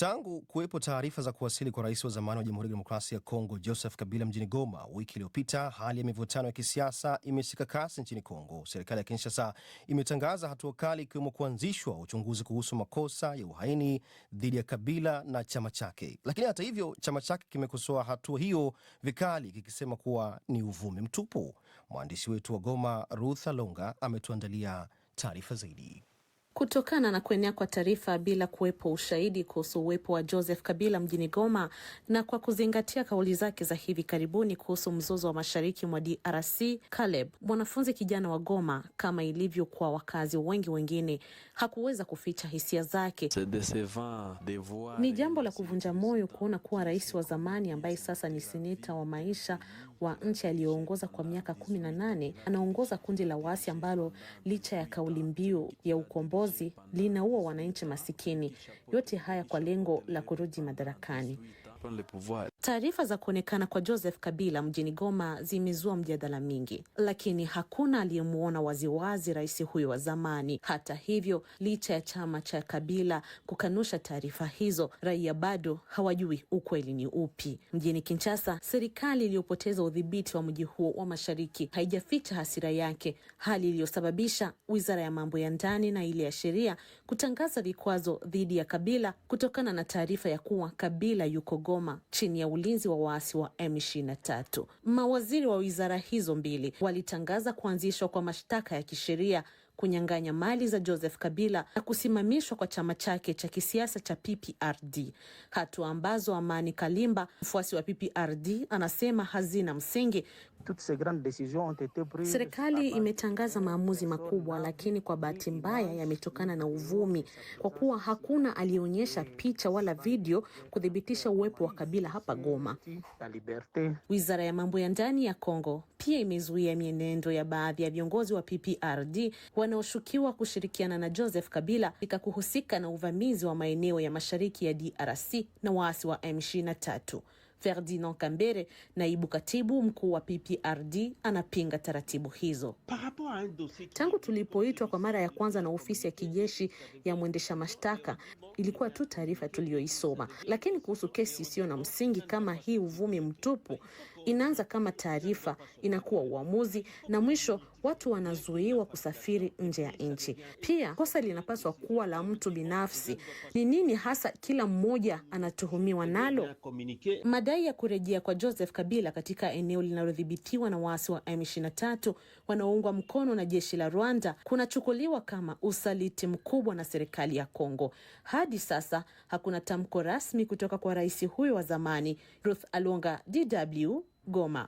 Tangu kuwepo taarifa za kuwasili kwa rais wa zamani wa Jamhuri ya Demokrasia ya Kongo Joseph Kabila mjini Goma wiki iliyopita, hali ya mivutano ya kisiasa imeshika kasi nchini Kongo. Serikali ya Kinshasa imetangaza hatua kali, ikiwemo kuanzishwa uchunguzi kuhusu makosa ya uhaini dhidi ya Kabila na chama chake. Lakini hata hivyo, chama chake kimekosoa hatua hiyo vikali, kikisema kuwa ni uvumi mtupu. Mwandishi wetu wa Goma Ruth Alonga ametuandalia taarifa zaidi kutokana na kuenea kwa taarifa bila kuwepo ushahidi kuhusu uwepo wa Joseph Kabila mjini Goma na kwa kuzingatia kauli zake za hivi karibuni kuhusu mzozo wa mashariki mwa DRC, Caleb, mwanafunzi kijana wa Goma, kama ilivyo kwa wakazi wengi wengine, hakuweza kuficha hisia zake. Ni jambo la kuvunja moyo kuona kuwa rais wa zamani ambaye sasa ni seneta wa maisha wa nchi aliyoongoza kwa miaka kumi na nane anaongoza kundi la waasi ambalo licha ya kauli mbiu ya ukombozi uongozi linaua wananchi masikini. Yote haya kwa lengo la kurudi madarakani. Taarifa za kuonekana kwa Joseph Kabila mjini Goma zimezua mjadala mingi, lakini hakuna aliyemwona waziwazi rais huyo wa zamani. Hata hivyo, licha ya chama cha Kabila kukanusha taarifa hizo, raia bado hawajui ukweli ni upi. Mjini Kinshasa, serikali iliyopoteza udhibiti wa mji huo wa mashariki haijaficha hasira yake, hali iliyosababisha wizara ya mambo ya ndani na ile ya sheria kutangaza vikwazo dhidi ya Kabila kutokana na taarifa ya kuwa Kabila yuko Goma chini ya ulinzi wa waasi wa M23. Mawaziri wa wizara hizo mbili walitangaza kuanzishwa kwa mashtaka ya kisheria kunyang'anya mali za Joseph Kabila na kusimamishwa kwa chama chake cha kisiasa cha PPRD, hatua ambazo Amani Kalimba, mfuasi wa PPRD, anasema hazina msingi. Serikali imetangaza maamuzi makubwa, lakini kwa bahati mbaya yametokana na uvumi, kwa kuwa hakuna aliyeonyesha picha wala video kuthibitisha uwepo wa Kabila hapa Goma. Wizara ya mambo ya ndani ya Kongo pia imezuia mienendo ya baadhi ya viongozi wa PPRD wanaoshukiwa kushirikiana na Joseph Kabila katika kuhusika na uvamizi wa maeneo ya mashariki ya DRC na waasi wa M23. Ferdinand Kambere, naibu katibu mkuu wa PPRD, anapinga taratibu hizo. Tangu tulipoitwa kwa mara ya kwanza na ofisi ya kijeshi ya mwendesha mashtaka, ilikuwa tu taarifa tuliyoisoma, lakini kuhusu kesi isiyo na msingi kama hii, uvumi mtupu, Inaanza kama taarifa, inakuwa uamuzi, na mwisho watu wanazuiwa kusafiri nje ya nchi. Pia kosa linapaswa kuwa la mtu binafsi. Ni nini hasa kila mmoja anatuhumiwa nalo? Madai ya kurejea kwa Joseph Kabila katika eneo linalodhibitiwa na waasi wa M23 wanaoungwa mkono na jeshi la Rwanda kunachukuliwa kama usaliti mkubwa na serikali ya Kongo. Hadi sasa hakuna tamko rasmi kutoka kwa rais huyo wa zamani. Ruth Alonga, DW Goma.